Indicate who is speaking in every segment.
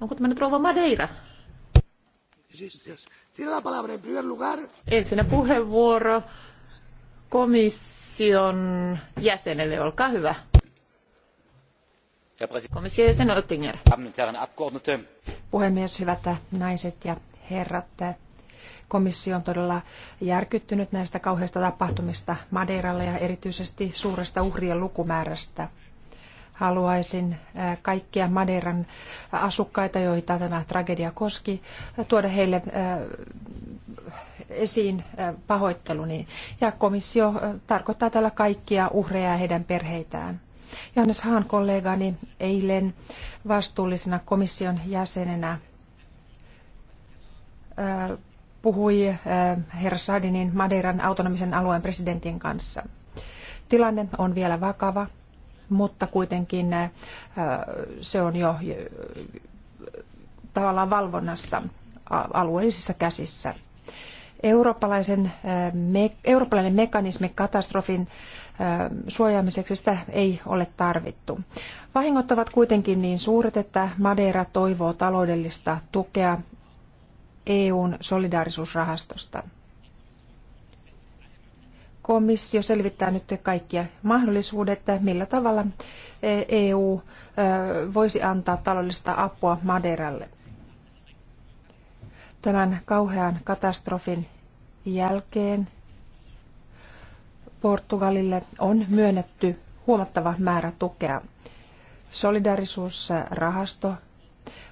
Speaker 1: Onko tämä nyt rouva Madeira? Ensinnä puheenvuoro komission jäsenelle, olkaa hyvä. Komission jäsen Oettinger.
Speaker 2: Puhemies, hyvät naiset ja herrat. Komissio on todella järkyttynyt näistä kauheista tapahtumista Madeiralla ja erityisesti suuresta uhrien lukumäärästä – haluaisin kaikkia Madeiran asukkaita, joita tämä tragedia koski, tuoda heille esiin pahoitteluni. Ja komissio tarkoittaa tällä kaikkia uhreja ja heidän perheitään. Johannes Haan kollegani eilen vastuullisena komission jäsenenä puhui herra Sadinin Madeiran autonomisen alueen presidentin kanssa. Tilanne on vielä vakava mutta kuitenkin äh, se on jo äh, tavallaan valvonnassa alueellisissa käsissä. Eurooppalaisen, äh, me, eurooppalainen mekanismi katastrofin suojaamiseksi sitä ei ole tarvittu. Vahingot ovat kuitenkin niin suuret, että Madeira toivoo taloudellista tukea EUn solidaarisuusrahastosta komissio selvittää nyt kaikkia mahdollisuudet, millä tavalla EU eh, e eh, voisi antaa taloudellista apua Maderalle. Tämän kauhean katastrofin jälkeen Portugalille on myönnetty huomattava määrä tukea. Solidarisuusrahasto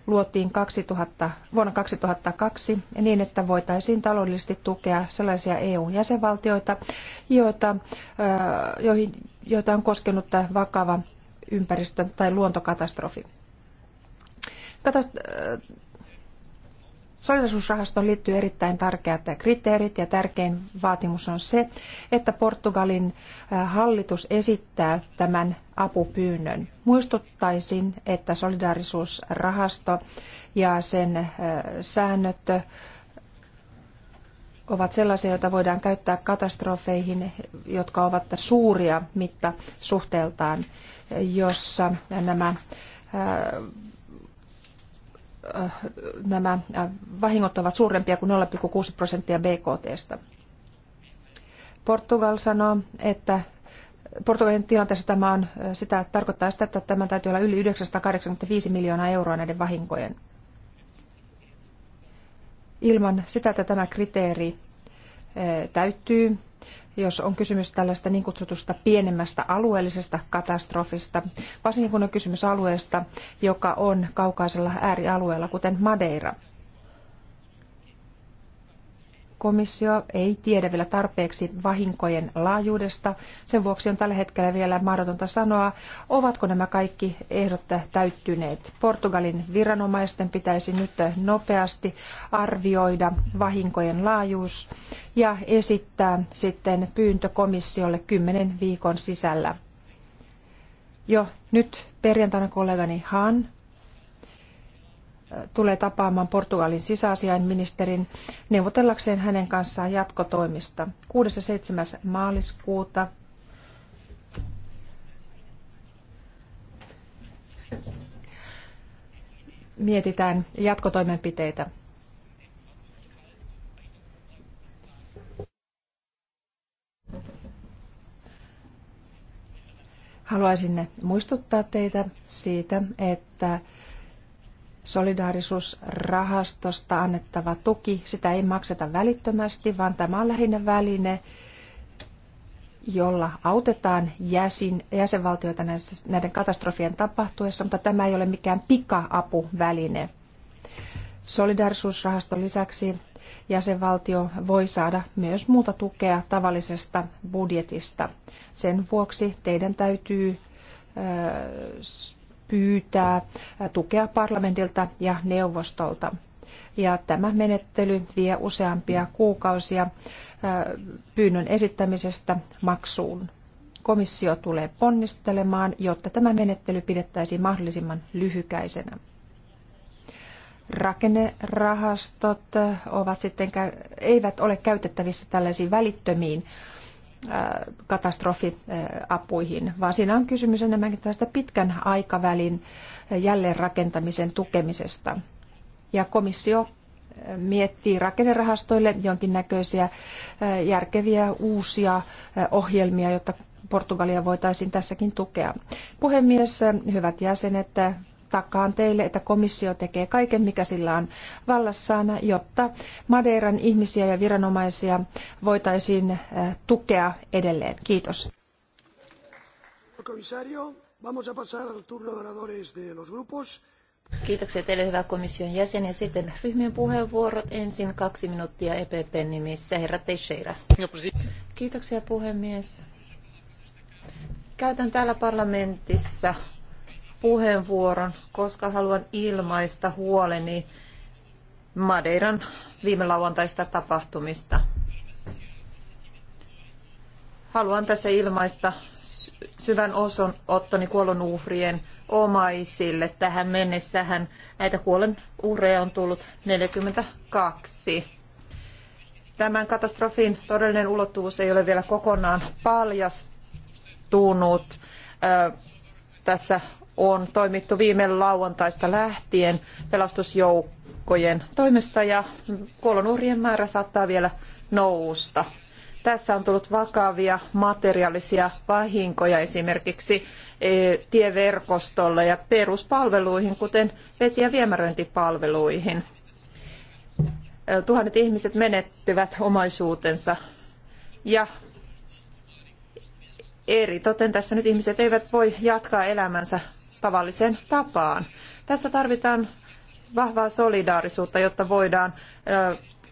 Speaker 2: luotiin 2000, vuonna 2002 niin, että voitaisiin taloudellisesti tukea sellaisia EU-jäsenvaltioita, joita, joihin, joita on koskenut vakava ympäristö- tai luontokatastrofi. Katast- Solidarisuusrahastoon liittyy erittäin tärkeät kriteerit ja tärkein vaatimus on se, että Portugalin hallitus esittää tämän apupyynnön. Muistuttaisin, että solidaarisuusrahasto ja sen säännöt ovat sellaisia, joita voidaan käyttää katastrofeihin, jotka ovat suuria suhteeltaan, jossa nämä Äh, nämä äh, vahingot ovat suurempia kuin 0,6 prosenttia BKTstä. Portugal sanoo, että Portugalin tilanteessa tämä on, äh, sitä tarkoittaa sitä, että tämä täytyy olla yli 985 miljoonaa euroa näiden vahinkojen. Ilman sitä, että tämä kriteeri täyttyy, jos on kysymys tällaista niin kutsutusta pienemmästä alueellisesta katastrofista, varsinkin kun on kysymys alueesta, joka on kaukaisella äärialueella, kuten Madeira – komissio ei tiedä vielä tarpeeksi vahinkojen laajuudesta. Sen vuoksi on tällä hetkellä vielä mahdotonta sanoa, ovatko nämä kaikki ehdot täyttyneet. Portugalin viranomaisten pitäisi nyt nopeasti arvioida vahinkojen laajuus ja esittää sitten pyyntö komissiolle kymmenen viikon sisällä. Jo nyt perjantaina kollegani Han tulee tapaamaan Portugalin sisäasiainministerin neuvotellakseen hänen kanssaan jatkotoimista 6. ja maaliskuuta. Mietitään jatkotoimenpiteitä. Haluaisin muistuttaa teitä siitä, että solidaarisuusrahastosta annettava tuki, sitä ei makseta välittömästi, vaan tämä on lähinnä väline, jolla autetaan jäsen, jäsenvaltioita näiden katastrofien tapahtuessa, mutta tämä ei ole mikään pika-apuväline. Solidaarisuusrahaston lisäksi jäsenvaltio voi saada myös muuta tukea tavallisesta budjetista. Sen vuoksi teidän täytyy pyytää tukea parlamentilta ja neuvostolta. Ja tämä menettely vie useampia kuukausia äh, pyynnön esittämisestä maksuun. Komissio tulee ponnistelemaan, jotta tämä menettely pidettäisiin mahdollisimman lyhykäisenä. Rakennerahastot äh, ovat sitten, eivät ole käytettävissä tällaisiin välittömiin katastrofiapuihin, vaan siinä on kysymys enemmänkin tästä pitkän aikavälin jälleenrakentamisen tukemisesta. Ja komissio miettii rakennerahastoille jonkinnäköisiä järkeviä uusia ohjelmia, jotta Portugalia voitaisiin tässäkin tukea. Puhemies, hyvät jäsenet, takaan teille, että komissio tekee kaiken, mikä sillä on vallassaan, jotta Madeiran ihmisiä ja viranomaisia voitaisiin eh, tukea edelleen. Kiitos.
Speaker 1: Kiitoksia teille, hyvä komission jäsen. Ja sitten ryhmien puheenvuorot. Ensin kaksi minuuttia epp nimissä. Herra Teixeira. Kiitoksia puhemies. Käytän täällä parlamentissa puheenvuoron, koska haluan ilmaista huoleni Madeiran viime lauantaista tapahtumista. Haluan tässä ilmaista syvän osanottoni kuolonuhrien omaisille. Tähän mennessähän näitä kuolen uhreja on tullut 42. Tämän katastrofin todellinen ulottuvuus ei ole vielä kokonaan paljastunut. Tässä on toimittu viime lauantaista lähtien pelastusjoukkojen toimesta ja kuolonuhrien määrä saattaa vielä nousta. Tässä on tullut vakavia materiaalisia vahinkoja esimerkiksi e, tieverkostolle ja peruspalveluihin, kuten vesi- ja viemäröintipalveluihin. E, tuhannet ihmiset menettivät omaisuutensa ja eritoten tässä nyt ihmiset eivät voi jatkaa elämänsä tavalliseen tapaan. Tässä tarvitaan vahvaa solidaarisuutta, jotta voidaan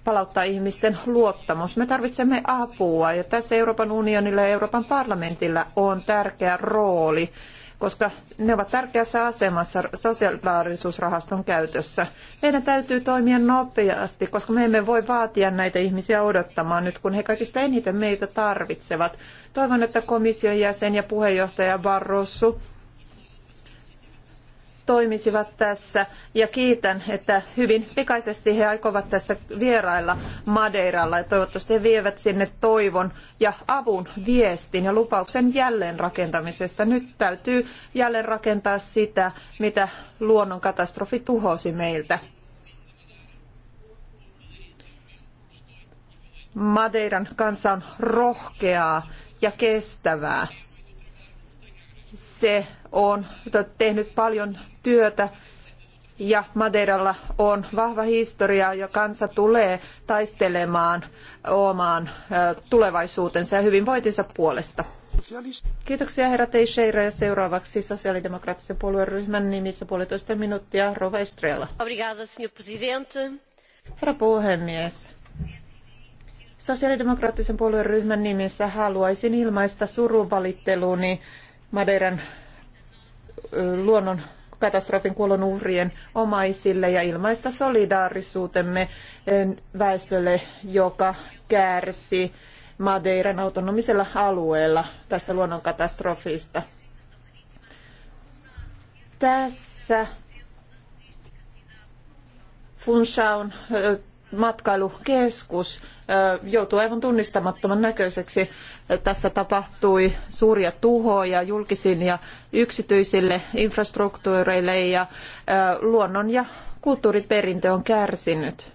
Speaker 1: palauttaa ihmisten luottamus. Me tarvitsemme apua ja tässä Euroopan unionilla ja Euroopan parlamentilla on tärkeä rooli koska ne ovat tärkeässä asemassa sosiaalisuusrahaston käytössä. Meidän täytyy toimia nopeasti, koska me emme voi vaatia näitä ihmisiä odottamaan nyt, kun he kaikista eniten meitä tarvitsevat. Toivon, että komission jäsen ja puheenjohtaja Barroso toimisivat tässä ja kiitän, että hyvin pikaisesti he aikovat tässä vierailla Madeiralla ja toivottavasti he vievät sinne toivon ja avun viestin ja lupauksen jälleenrakentamisesta. Nyt täytyy jälleenrakentaa sitä, mitä luonnonkatastrofi tuhosi meiltä. Madeiran kanssa on rohkeaa ja kestävää se on tehnyt paljon työtä ja Madeiralla on vahva historia ja kansa tulee taistelemaan omaan tulevaisuutensa ja hyvinvointinsa puolesta. Kiitoksia herra Teixeira ja seuraavaksi sosiaalidemokraattisen puolueryhmän nimissä puolitoista minuuttia Rova Estrella. Herra puhemies, sosiaalidemokraattisen puolueryhmän nimissä haluaisin ilmaista surunvalitteluni Madeiran luonnon katastrofin kuolonuhrien omaisille ja ilmaista solidaarisuutemme väestölle, joka kärsi Madeiran autonomisella alueella tästä luonnonkatastrofista. Tässä Funchaun matkailukeskus joutuu aivan tunnistamattoman näköiseksi. Tässä tapahtui suuria tuhoja julkisiin ja yksityisille infrastruktuureille ja luonnon ja kulttuuriperintö on kärsinyt.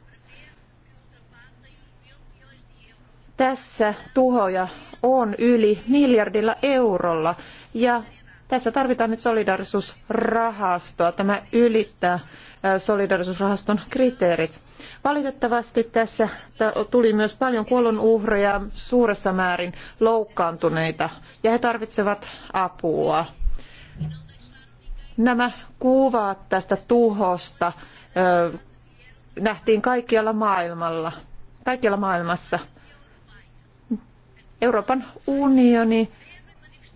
Speaker 1: Tässä tuhoja on yli miljardilla eurolla ja tässä tarvitaan nyt solidarisuusrahastoa. Tämä ylittää solidarisuusrahaston kriteerit Valitettavasti tässä tuli myös paljon kuolonuhreja, suuressa määrin loukkaantuneita, ja he tarvitsevat apua. Nämä kuvat tästä tuhosta nähtiin kaikkialla maailmalla, kaikkialla maailmassa. Euroopan unioni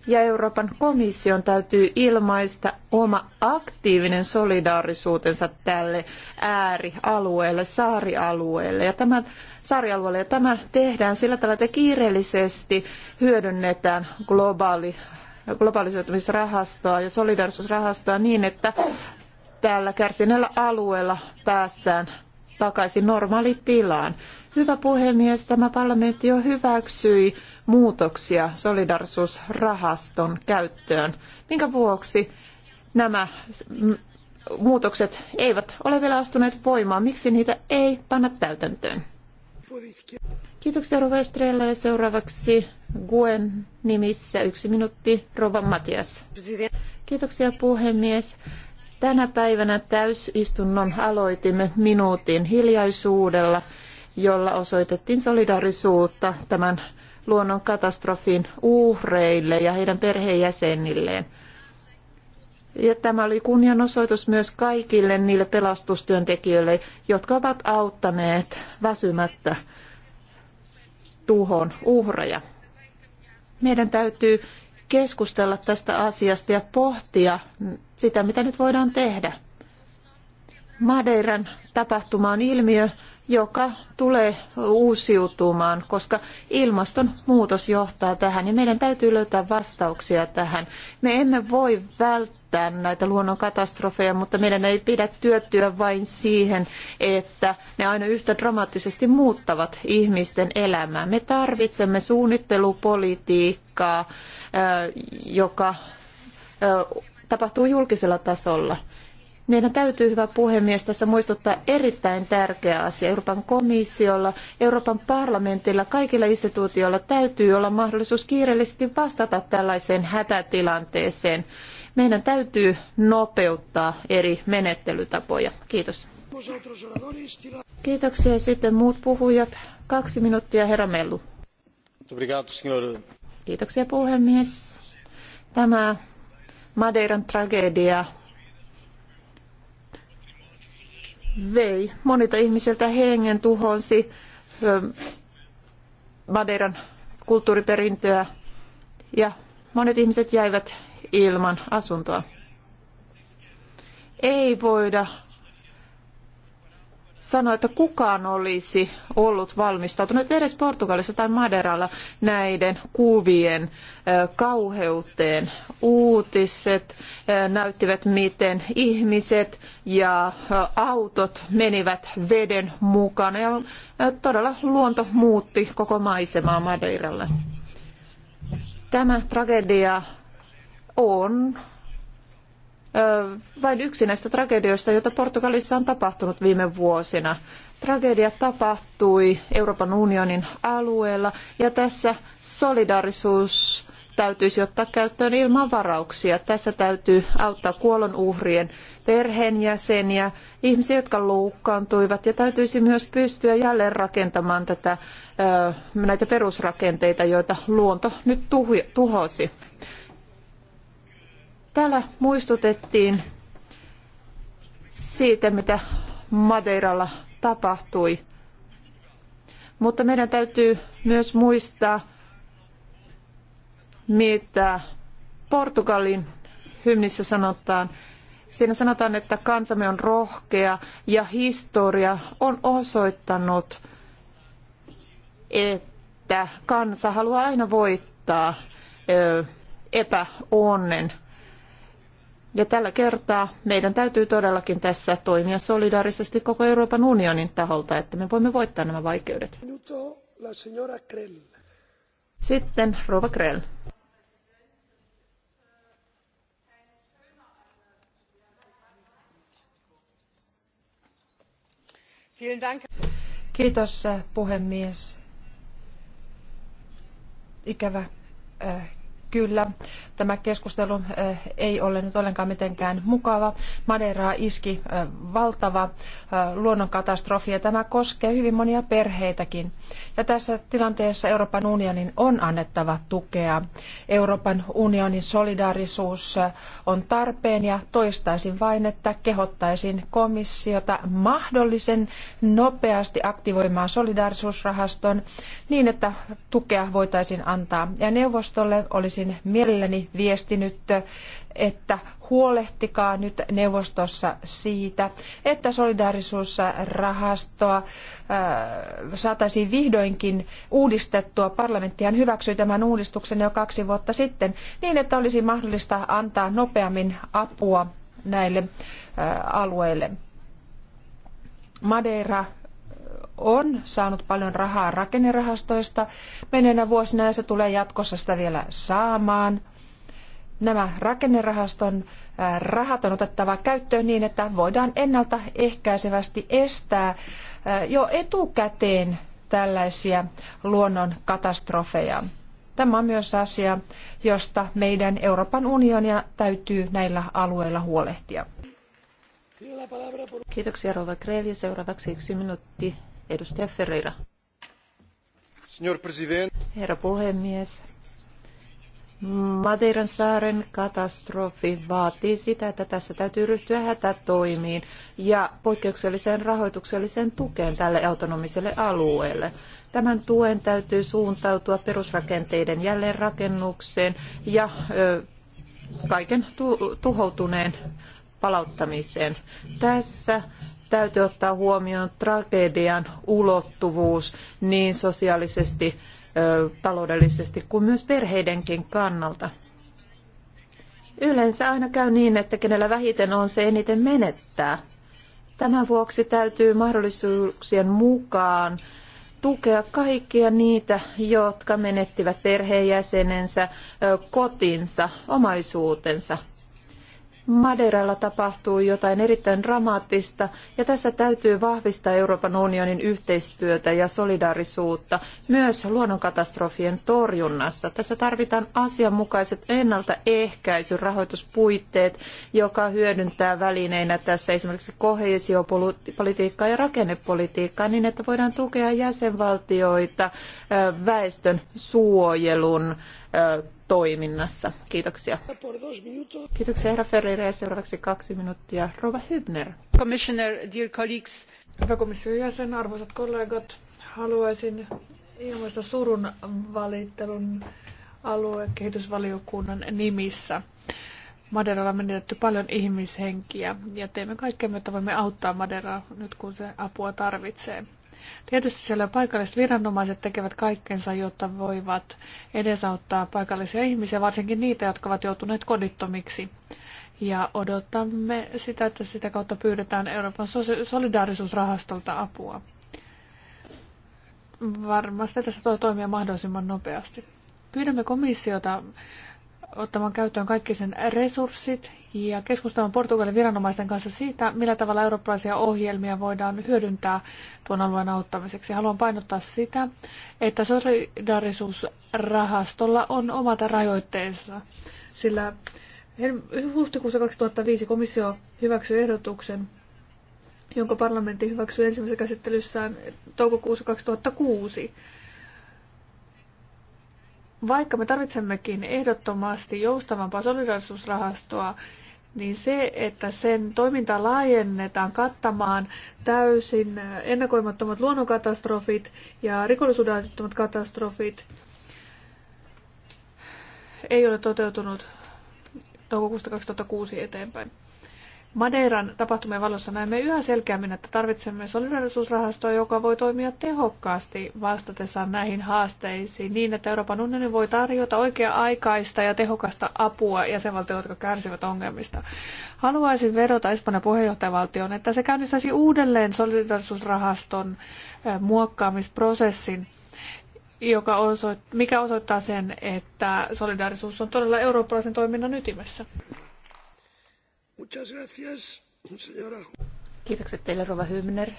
Speaker 1: ja Euroopan komission täytyy ilmaista oma aktiivinen solidaarisuutensa tälle äärialueelle, saarialueelle. Ja tämä, saarialueelle. Ja tämä tehdään sillä tavalla, että kiireellisesti hyödynnetään globaali, globalisoitumisrahastoa ja solidaarisuusrahastoa niin, että tällä kärsineellä alueella päästään takaisin normaalitilaan. Hyvä puhemies, tämä parlamentti jo hyväksyi muutoksia solidarisuusrahaston käyttöön, minkä vuoksi nämä muutokset eivät ole vielä astuneet voimaan. Miksi niitä ei panna täytäntöön? Kiitoksia Rova Estrella ja seuraavaksi Guen nimissä yksi minuutti Rova Matias. Kiitoksia puhemies. Tänä päivänä täysistunnon aloitimme minuutin hiljaisuudella, jolla osoitettiin solidarisuutta tämän luonnon katastrofin uhreille ja heidän perheenjäsenilleen. Ja tämä oli kunnianosoitus myös kaikille niille pelastustyöntekijöille, jotka ovat auttaneet väsymättä tuhon uhreja. Meidän täytyy keskustella tästä asiasta ja pohtia sitä, mitä nyt voidaan tehdä. Madeiran tapahtuma on ilmiö, joka tulee uusiutumaan, koska ilmastonmuutos johtaa tähän ja meidän täytyy löytää vastauksia tähän. Me emme voi välttää vältetään näitä luonnonkatastrofeja, mutta meidän ei pidä työtyä vain siihen, että ne aina yhtä dramaattisesti muuttavat ihmisten elämää. Me tarvitsemme suunnittelupolitiikkaa, joka tapahtuu julkisella tasolla. Meidän täytyy, hyvä puhemies, tässä muistuttaa erittäin tärkeä asia. Euroopan komissiolla, Euroopan parlamentilla, kaikilla instituutioilla täytyy olla mahdollisuus kiireellisesti vastata tällaiseen hätätilanteeseen. Meidän täytyy nopeuttaa eri menettelytapoja. Kiitos. Kiitoksia. Sitten muut puhujat. Kaksi minuuttia, herra Mellu. Kiitoksia puhemies. Tämä Madeiran tragedia vei monilta ihmisiltä hengen, tuhonsi Madeiran kulttuuriperintöä ja monet ihmiset jäivät ilman asuntoa. Ei voida sanoa, että kukaan olisi ollut valmistautunut edes Portugalissa tai Maderalla näiden kuvien kauheuteen. Uutiset näyttivät, miten ihmiset ja autot menivät veden mukana ja todella luonto muutti koko maisemaa Madeiralle. Tämä tragedia on vain yksi näistä tragedioista, joita Portugalissa on tapahtunut viime vuosina. Tragedia tapahtui Euroopan unionin alueella ja tässä solidaarisuus täytyisi ottaa käyttöön ilman varauksia. Tässä täytyy auttaa kuolonuhrien perheenjäseniä, ihmisiä, jotka loukkaantuivat ja täytyisi myös pystyä jälleen rakentamaan tätä, näitä perusrakenteita, joita luonto nyt tuhosi. Täällä muistutettiin siitä, mitä Madeiralla tapahtui. Mutta meidän täytyy myös muistaa, mitä Portugalin hymnissä sanotaan. Siinä sanotaan, että kansamme on rohkea ja historia on osoittanut, että kansa haluaa aina voittaa epäonnen. Ja tällä kertaa meidän täytyy todellakin tässä toimia solidaarisesti koko Euroopan unionin taholta, että me voimme voittaa nämä vaikeudet. Sitten Rova Krell.
Speaker 2: Kiitos äh, puhemies. Ikävä äh, Kyllä, tämä keskustelu eh, ei ole nyt ollenkaan mitenkään mukava. Madeiraa iski eh, valtava eh, luonnonkatastrofi ja tämä koskee hyvin monia perheitäkin. Ja tässä tilanteessa Euroopan unionin on annettava tukea. Euroopan unionin solidaarisuus on tarpeen ja toistaisin vain, että kehottaisin komissiota mahdollisen nopeasti aktivoimaan solidaarisuusrahaston niin, että tukea voitaisiin antaa. Ja neuvostolle olisi olisin mielelläni viestinyt, että huolehtikaa nyt neuvostossa siitä, että solidaarisuusrahastoa äh, saataisiin vihdoinkin uudistettua. Parlamenttihan hyväksyi tämän uudistuksen jo kaksi vuotta sitten niin, että olisi mahdollista antaa nopeammin apua näille äh, alueille. Madeira on saanut paljon rahaa rakennerahastoista Menenä vuosina ja se tulee jatkossa sitä vielä saamaan. Nämä rakennerahaston rahat on otettava käyttöön niin, että voidaan ennaltaehkäisevästi estää jo etukäteen tällaisia luonnon katastrofeja. Tämä on myös asia, josta meidän Euroopan unionia täytyy näillä alueilla huolehtia.
Speaker 1: Kiitoksia Rova Kreli. Seuraavaksi yksi minuutti Edustaja Ferreira. Herra puhemies. Madeiran saaren katastrofi vaatii sitä, että tässä täytyy ryhtyä hätätoimiin ja poikkeukselliseen rahoitukselliseen tukeen tälle autonomiselle alueelle. Tämän tuen täytyy suuntautua perusrakenteiden jälleenrakennukseen ja ö, kaiken tu- tuhoutuneen palauttamiseen. Tässä täytyy ottaa huomioon tragedian ulottuvuus niin sosiaalisesti, taloudellisesti kuin myös perheidenkin kannalta. Yleensä aina käy niin, että kenellä vähiten on, se eniten menettää. Tämän vuoksi täytyy mahdollisuuksien mukaan tukea kaikkia niitä, jotka menettivät perheenjäsenensä, kotinsa, omaisuutensa Madeiralla tapahtuu jotain erittäin dramaattista ja tässä täytyy vahvistaa Euroopan unionin yhteistyötä ja solidaarisuutta myös luonnonkatastrofien torjunnassa. Tässä tarvitaan asianmukaiset ennaltaehkäisyn rahoituspuitteet, joka hyödyntää välineinä tässä esimerkiksi koheesiopolitiikkaa ja rakennepolitiikkaa niin, että voidaan tukea jäsenvaltioita väestön suojelun toiminnassa. Kiitoksia. Kiitoksia herra Ferreira ja seuraavaksi kaksi minuuttia. Rova Hübner.
Speaker 3: Commissioner, dear colleagues. Hyvä komission jäsen, arvoisat kollegat, haluaisin ilmaista surun valittelun aluekehitysvaliokunnan nimissä. Maderalla on menetetty paljon ihmishenkiä ja teemme kaikkemme, että voimme auttaa Maderaa nyt kun se apua tarvitsee. Tietysti siellä paikalliset viranomaiset tekevät kaikkensa, jotta voivat edesauttaa paikallisia ihmisiä, varsinkin niitä, jotka ovat joutuneet kodittomiksi. Ja odotamme sitä, että sitä kautta pyydetään Euroopan solidaarisuusrahastolta apua. Varmasti tässä tulee toimia mahdollisimman nopeasti. Pyydämme komissiota ottamaan käyttöön kaikki sen resurssit ja keskustelun Portugalin viranomaisten kanssa siitä, millä tavalla eurooppalaisia ohjelmia voidaan hyödyntää tuon alueen auttamiseksi. Haluan painottaa sitä, että solidarisuusrahastolla on omat rajoitteensa, sillä huhtikuussa 2005 komissio hyväksyi ehdotuksen, jonka parlamentti hyväksyi ensimmäisessä käsittelyssään toukokuussa 2006. Vaikka me tarvitsemmekin ehdottomasti joustavampaa solidarisuusrahastoa, niin se, että sen toiminta laajennetaan kattamaan täysin ennakoimattomat luonnonkatastrofit ja rikollisuuden aiheuttamat katastrofit, ei ole toteutunut toukokuusta 2006 eteenpäin. Madeiran tapahtumien valossa näemme yhä selkeämmin, että tarvitsemme solidarisuusrahastoa, joka voi toimia tehokkaasti vastatessaan näihin haasteisiin niin, että Euroopan unioni voi tarjota oikea-aikaista ja tehokasta apua jäsenvaltioille, jotka kärsivät ongelmista. Haluaisin vedota Espanjan puheenjohtajavaltioon, että se käynnistäisi uudelleen solidarisuusrahaston eh, muokkaamisprosessin joka osoittaa, mikä osoittaa sen, että solidaarisuus on todella eurooppalaisen toiminnan ytimessä. Muchas Kiitokset
Speaker 1: teille, Rova Hymner.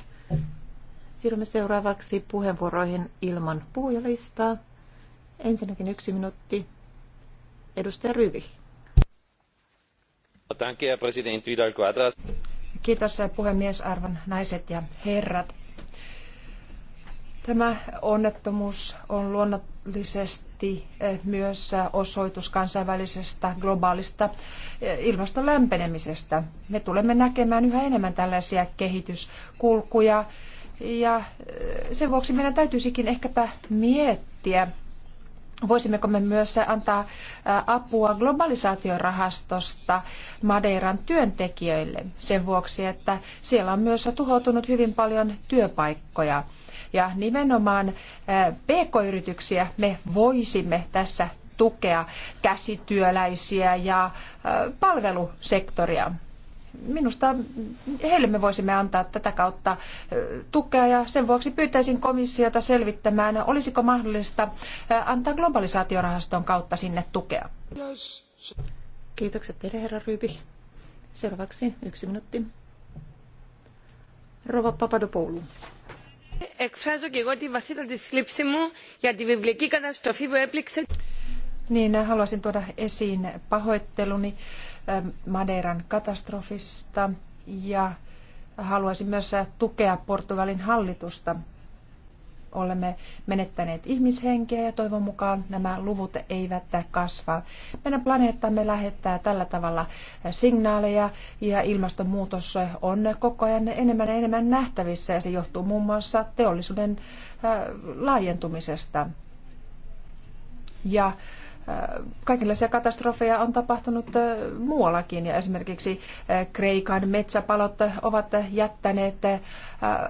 Speaker 1: Siirrymme seuraavaksi puheenvuoroihin ilman puhujalistaa. Ensinnäkin yksi minuutti. Edustaja Ryvi.
Speaker 2: Kiitos puhemies, arvon naiset ja herrat. Tämä onnettomuus on luonnollisesti eh, myös eh, osoitus kansainvälisestä globaalista eh, ilmaston lämpenemisestä. Me tulemme näkemään yhä enemmän tällaisia kehityskulkuja ja sen vuoksi meidän täytyisikin ehkäpä miettiä, voisimmeko me myös antaa apua globalisaatiorahastosta Madeiran työntekijöille sen vuoksi, että siellä on myös tuhoutunut hyvin paljon työpaikkoja. Ja nimenomaan PK-yrityksiä me voisimme tässä tukea käsityöläisiä ja palvelusektoria. Minusta heille me voisimme antaa tätä kautta tukea ja sen vuoksi pyytäisin komissiota selvittämään, olisiko mahdollista antaa globalisaatiorahaston kautta sinne tukea. Kiitokset teille, herra Ryypi. Seuraavaksi yksi minuutti. Rova Papadopoulou
Speaker 3: εκφράζω και εγώ τη βαθύτατη θλίψη μου για τη βιβλική καταστροφή που έπληξε.
Speaker 2: Niin, äh, haluaisin tuoda esiin pahoitteluni ähm, Madeiran katastrofista ja haluaisin myös äh, tukea Portugalin hallitusta olemme menettäneet ihmishenkeä ja toivon mukaan nämä luvut eivät kasva. Meidän planeettamme lähettää tällä tavalla signaaleja ja ilmastonmuutos on koko ajan enemmän ja enemmän nähtävissä ja se johtuu muun muassa teollisuuden äh, laajentumisesta. Ja kaikenlaisia katastrofeja on tapahtunut muuallakin ja esimerkiksi Kreikan metsäpalot ovat jättäneet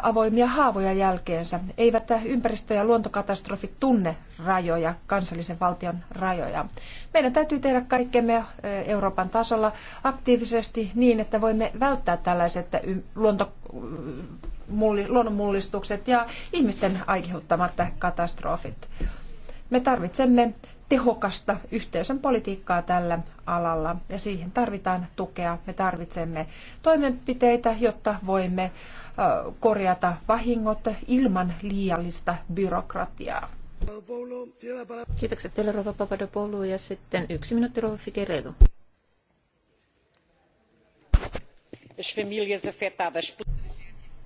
Speaker 2: avoimia haavoja jälkeensä. Eivät ympäristö- ja luontokatastrofit tunne rajoja, kansallisen valtion rajoja. Meidän täytyy tehdä kaikkemme Euroopan tasolla aktiivisesti niin, että voimme välttää tällaiset luonto luonnonmullistukset ja ihmisten aiheuttamat katastrofit. Me tarvitsemme tehokasta yhteisön politiikkaa tällä alalla ja siihen tarvitaan tukea. Me tarvitsemme toimenpiteitä, jotta voimme korjata vahingot ilman liiallista byrokratiaa.
Speaker 1: Kiitokset teille, Rova Papadopoulou, ja sitten yksi minuutti, Rova Figueiredo.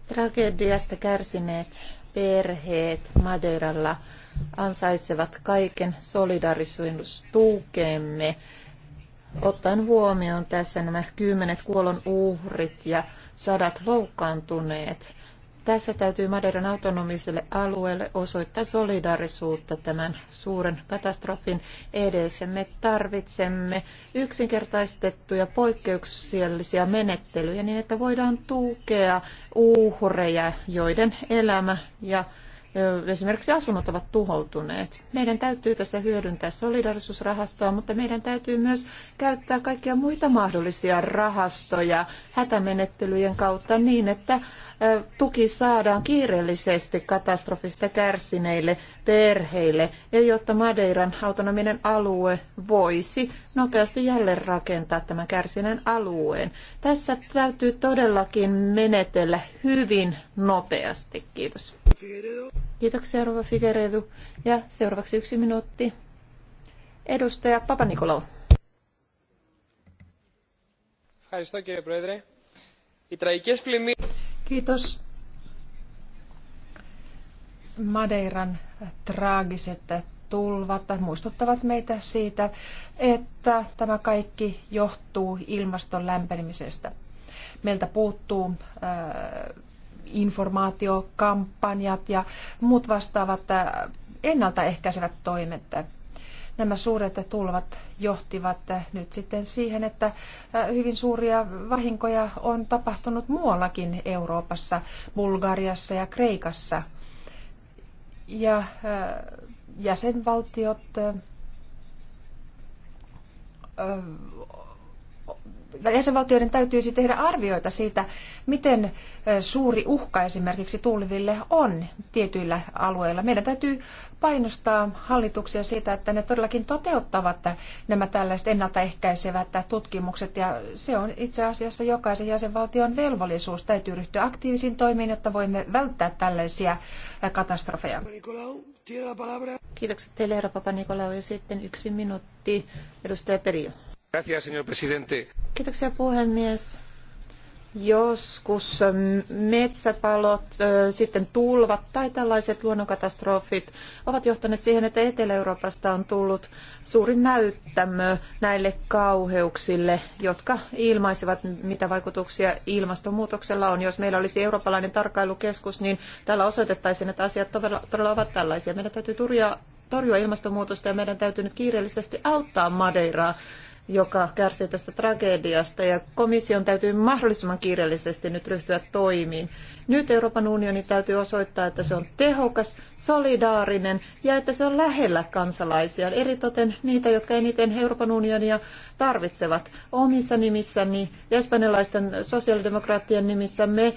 Speaker 1: Tragediasta kärsineet perheet Madeiralla ansaitsevat kaiken solidarisuustukemme, ottaen huomioon tässä nämä kymmenet kuolon uhrit ja sadat loukkaantuneet. Tässä täytyy Madeiran autonomiselle alueelle osoittaa solidarisuutta tämän suuren katastrofin edessä. Me tarvitsemme yksinkertaistettuja poikkeuksellisia menettelyjä niin, että voidaan tukea uhreja, joiden elämä ja esimerkiksi asunnot ovat tuhoutuneet. Meidän täytyy tässä hyödyntää solidarisuusrahastoa, mutta meidän täytyy myös käyttää kaikkia muita mahdollisia rahastoja hätämenettelyjen kautta niin, että tuki saadaan kiireellisesti katastrofista kärsineille perheille ja jotta Madeiran autonominen alue voisi nopeasti jälleen rakentaa tämän kärsineen alueen. Tässä täytyy todellakin menetellä hyvin nopeasti. Kiitos. Kiitoksia, Rova figueredo Ja seuraavaksi yksi minuutti. Edustaja Papanikolo.
Speaker 2: Kiitos. Madeiran traagiset tulvat muistuttavat meitä siitä, että tämä kaikki johtuu ilmaston lämpenemisestä. Meiltä puuttuu äh, informaatiokampanjat ja muut vastaavat äh, ennaltaehkäisevät toimet. Nämä suuret tulvat johtivat nyt sitten siihen, että äh, hyvin suuria vahinkoja on tapahtunut muuallakin Euroopassa, Bulgariassa ja Kreikassa. Ja jäsenvaltiot jäsenvaltioiden täytyisi tehdä arvioita siitä, miten suuri uhka esimerkiksi tulville on tietyillä alueilla. Meidän täytyy painostaa hallituksia siitä, että ne todellakin toteuttavat nämä tällaiset ennaltaehkäisevät tutkimukset. Ja se on itse asiassa jokaisen jäsenvaltion velvollisuus. Täytyy ryhtyä aktiivisiin toimiin, jotta voimme välttää tällaisia katastrofeja.
Speaker 1: Kiitokset
Speaker 3: Gracias, señor presidente.
Speaker 1: Kiitoksia, puhemies joskus ähm, metsäpalot, äh, sitten tulvat tai tällaiset luonnonkatastrofit ovat johtaneet siihen, että Etelä-Euroopasta on tullut suuri näyttämö näille kauheuksille, jotka ilmaisevat, mitä vaikutuksia ilmastonmuutoksella on. Jos meillä olisi eurooppalainen tarkkailukeskus, niin täällä osoitettaisiin, että asiat todella, todella ovat tällaisia. Meidän täytyy turja, torjua ilmastonmuutosta ja meidän täytyy nyt kiireellisesti auttaa Madeiraa joka kärsii tästä tragediasta ja komission täytyy mahdollisimman kiireellisesti nyt ryhtyä toimiin. Nyt Euroopan unioni täytyy osoittaa, että se on tehokas, solidaarinen ja että se on lähellä kansalaisia, eritoten niitä, jotka eniten Euroopan unionia tarvitsevat. Omissa nimissäni, espanjalaisten sosiaalidemokraattien nimissä me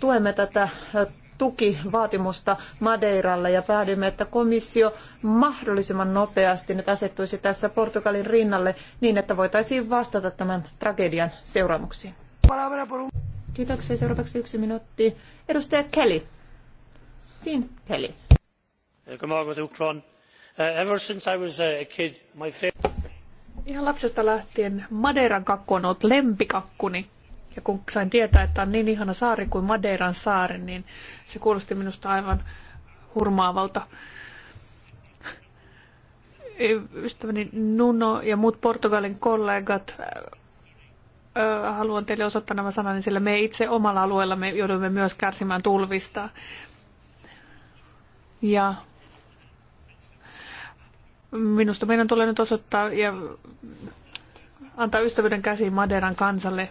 Speaker 1: tuemme tätä tukivaatimusta Madeiralle ja päädymme, että komissio mahdollisimman nopeasti nyt asettuisi tässä Portugalin rinnalle niin, että voitaisiin vastata tämän tragedian seuraamuksiin. Kiitoksia. Seuraavaksi yksi minuutti. Edustaja
Speaker 3: Kelly. Sin Kelly. Ever since I was a kid, my favorite... Ihan lapsesta lähtien Madeiran kakku on ollut lempikakkuni ja kun sain tietää, että on niin ihana saari kuin Madeiran saari, niin se kuulosti minusta aivan hurmaavalta. Ystäväni Nuno ja muut Portugalin kollegat, haluan teille osoittaa nämä sanani, sillä me itse omalla alueella me joudumme myös kärsimään tulvista. Ja minusta meidän tulee nyt osoittaa ja antaa ystävyyden käsiin Maderan kansalle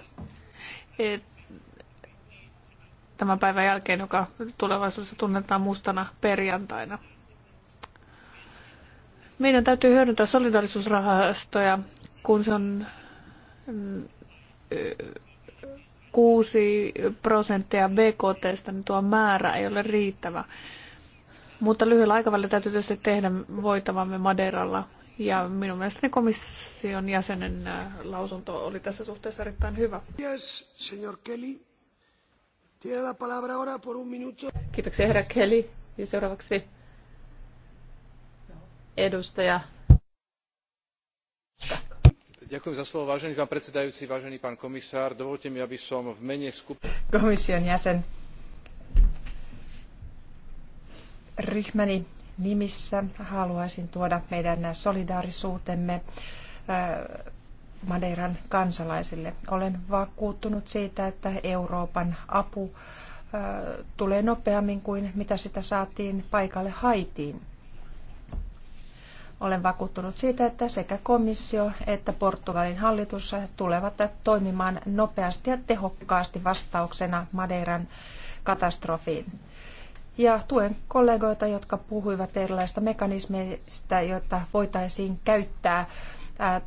Speaker 3: tämän päivän jälkeen, joka tulevaisuudessa tunnetaan mustana perjantaina. Meidän täytyy hyödyntää solidarisuusrahastoja, kun se on 6 mm, prosenttia BKT, niin tuo määrä ei ole riittävä. Mutta lyhyellä aikavälillä täytyy tietysti tehdä voitavamme Maderalla ja minun mielestäni komission jäsenen äh, lausunto oli tässä suhteessa erittäin hyvä. Yes, señor Kelly. Tiene la palabra ahora por un minuto. Kiitoksia, herra Kelly.
Speaker 1: Ja seuraavaksi edustaja.
Speaker 3: Ďakujem za slovo, vážený pán predsedajúci, vážený pán komisár. Dovolte mi, aby som v mene skupiny...
Speaker 2: Komission jäsen. Ryhmäni nimissä haluaisin tuoda meidän solidaarisuutemme äh, Madeiran kansalaisille. Olen vakuuttunut siitä, että Euroopan apu äh, tulee nopeammin kuin mitä sitä saatiin paikalle Haitiin. Olen vakuuttunut siitä, että sekä komissio että Portugalin hallitus tulevat toimimaan nopeasti ja tehokkaasti vastauksena Madeiran katastrofiin ja tuen kollegoita, jotka puhuivat erilaisista mekanismeista, joita voitaisiin käyttää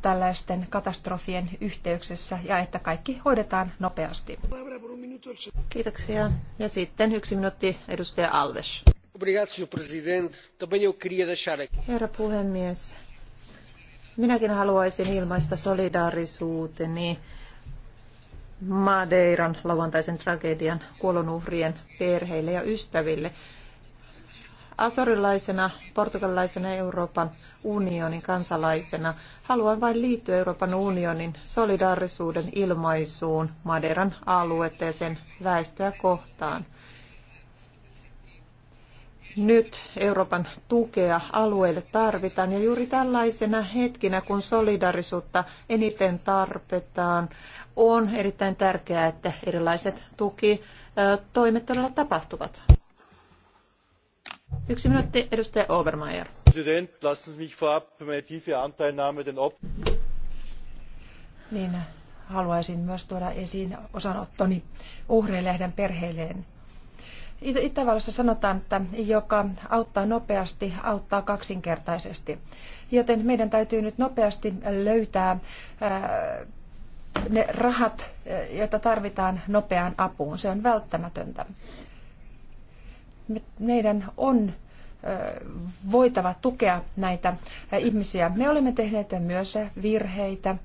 Speaker 2: tällaisten katastrofien yhteyksessä ja että kaikki hoidetaan nopeasti. Kiitoksia. Ja
Speaker 1: sitten yksi minuutti edustaja Alves. Herra puhemies, minäkin haluaisin ilmaista solidaarisuuteni Madeiran lauantaisen tragedian kuolonuhrien perheille ja ystäville. Asorilaisena, portugalilaisena Euroopan unionin kansalaisena haluan vain liittyä Euroopan unionin solidaarisuuden ilmaisuun Madeiran aluetta ja sen väestöä kohtaan nyt Euroopan tukea alueelle tarvitaan. Ja juuri tällaisena hetkinä, kun solidarisuutta eniten tarvitaan, on erittäin tärkeää, että erilaiset tukitoimet todella tapahtuvat. Yksi minuutti, edustaja Obermeier.
Speaker 2: President, lassen Sie mich vorab meine tiefe Anteilnahme den Op niin haluaisin myös tuoda esiin osanottoni uhreille ja heidän perheilleen. Itävallassa sanotaan, että joka auttaa nopeasti, auttaa kaksinkertaisesti. Joten meidän täytyy nyt nopeasti löytää äh, ne rahat, äh, joita tarvitaan nopeaan apuun. Se on välttämätöntä. Meidän on äh, voitava tukea näitä ihmisiä. Me olemme tehneet myös virheitä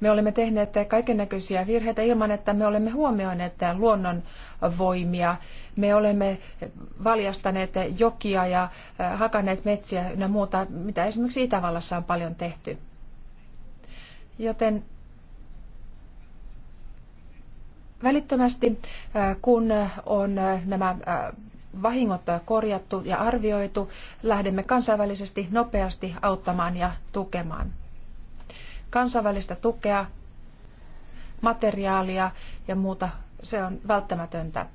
Speaker 2: me olemme tehneet kaikennäköisiä virheitä ilman, että me olemme huomioineet luonnonvoimia. Me olemme valjastaneet jokia ja hakaneet metsiä ynnä muuta, mitä esimerkiksi Itävallassa on paljon tehty. Joten välittömästi, kun on nämä vahingot korjattu ja arvioitu, lähdemme kansainvälisesti nopeasti auttamaan ja tukemaan kansainvälistä tukea, materiaalia ja muuta. Se on välttämätöntä.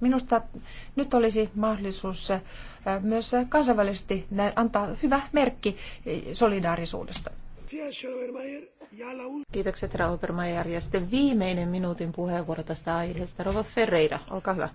Speaker 2: Minusta nyt olisi mahdollisuus myös kansainvälisesti antaa hyvä merkki solidaarisuudesta. Kiitokset Obermeier. Ja sitten viimeinen minuutin puheenvuoro tästä
Speaker 1: aiheesta. Rova Ferreira, olkaa hyvä.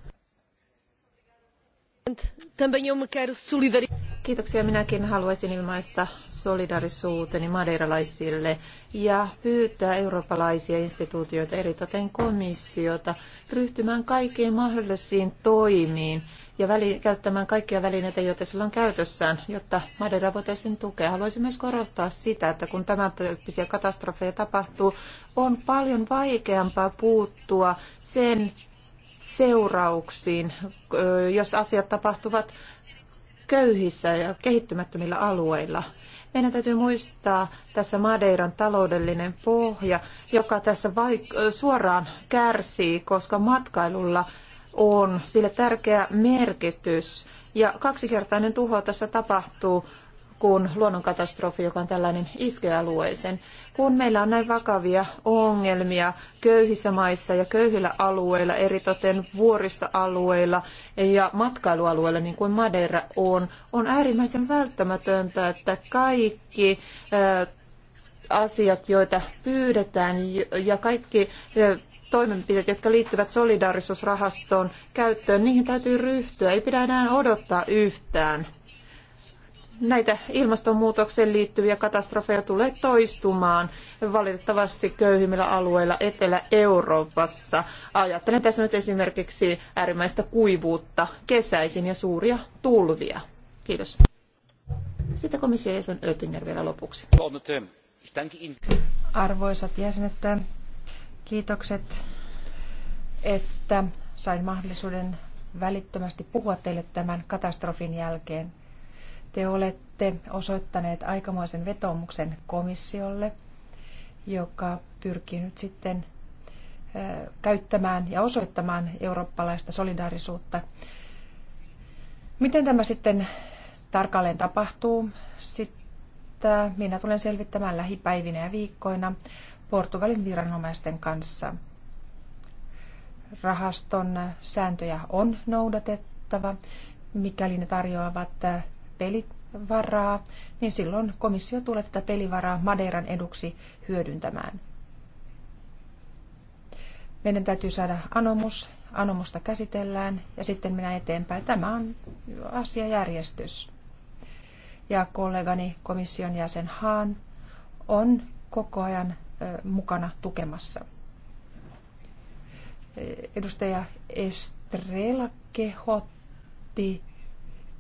Speaker 1: Também eu me quero solidarizar Kiitoksia. Minäkin haluaisin ilmaista solidarisuuteni madeiralaisille ja pyytää eurooppalaisia instituutioita, eritoten komissiota, ryhtymään kaikkiin mahdollisiin toimiin ja väli, käyttämään kaikkia välineitä, joita sillä on käytössään, jotta Madeira voitaisiin tukea. Haluaisin myös korostaa sitä, että kun tämän tyyppisiä katastrofeja tapahtuu, on paljon vaikeampaa puuttua sen seurauksiin, jos asiat tapahtuvat köyhissä ja kehittymättömillä alueilla. Meidän täytyy muistaa tässä Madeiran taloudellinen pohja, joka tässä vaik- suoraan kärsii, koska matkailulla on sille tärkeä merkitys. Ja kaksikertainen tuho tässä tapahtuu kun luonnonkatastrofi, joka on tällainen iskealueeseen. Kun meillä on näin vakavia ongelmia köyhissä maissa ja köyhillä alueilla, eritoten vuoristoalueilla ja matkailualueilla, niin kuin Madeira on, on äärimmäisen välttämätöntä, että kaikki asiat, joita pyydetään ja kaikki toimenpiteet, jotka liittyvät solidaarisuusrahaston käyttöön, niihin täytyy ryhtyä. Ei pidä enää odottaa yhtään näitä ilmastonmuutokseen liittyviä katastrofeja tulee toistumaan valitettavasti köyhimmillä alueilla Etelä-Euroopassa. Ajattelen tässä nyt esimerkiksi äärimmäistä kuivuutta kesäisin ja suuria tulvia.
Speaker 2: Kiitos. Sitten komission jäsen Oettinger vielä lopuksi. Arvoisat jäsenet, kiitokset, että sain mahdollisuuden välittömästi puhua teille tämän katastrofin jälkeen. Te olette osoittaneet aikamoisen vetoomuksen komissiolle, joka pyrkii nyt sitten käyttämään ja osoittamaan eurooppalaista solidaarisuutta. Miten tämä sitten tarkalleen tapahtuu? Sitä minä tulen selvittämään lähipäivinä ja viikkoina Portugalin viranomaisten kanssa. Rahaston sääntöjä on noudatettava, mikäli ne tarjoavat pelivaraa, niin silloin komissio tulee tätä pelivaraa Madeiran eduksi hyödyntämään. Meidän täytyy saada anomus, anomusta käsitellään ja sitten minä eteenpäin. Tämä on asiajärjestys. Ja kollegani komission jäsen Haan on koko ajan mukana tukemassa. Edustaja Estrela kehotti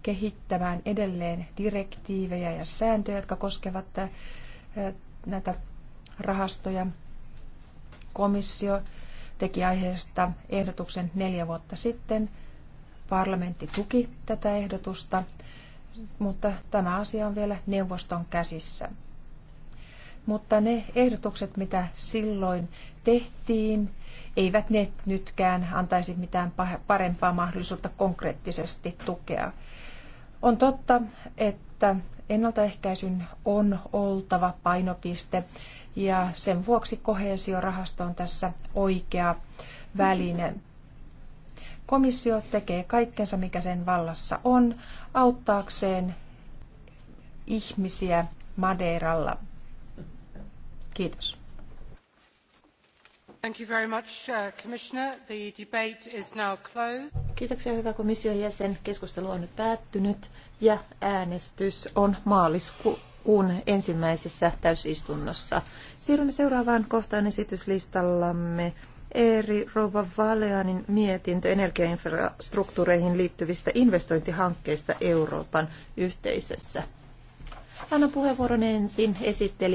Speaker 2: kehittämään edelleen direktiivejä ja sääntöjä, jotka koskevat äh, näitä rahastoja. Komissio teki aiheesta ehdotuksen neljä vuotta sitten. Parlamentti tuki tätä ehdotusta, mutta tämä asia on vielä neuvoston käsissä. Mutta ne ehdotukset, mitä silloin tehtiin, eivät ne nytkään antaisi mitään parempaa mahdollisuutta konkreettisesti tukea on totta, että ennaltaehkäisyn on oltava painopiste ja sen vuoksi kohesiorahasto on tässä oikea väline. Komissio tekee kaikkensa, mikä sen vallassa on, auttaakseen ihmisiä Madeiralla. Kiitos.
Speaker 3: Uh,
Speaker 1: Kiitoksia hyvä komission jäsen. Keskustelu on nyt päättynyt ja äänestys on maaliskuun ensimmäisessä täysistunnossa. Siirrymme seuraavaan kohtaan esityslistallamme. eri Rouva Valeanin mietintö energiainfrastruktuureihin liittyvistä investointihankkeista Euroopan yhteisössä. Anna puheenvuoron ensin esitteli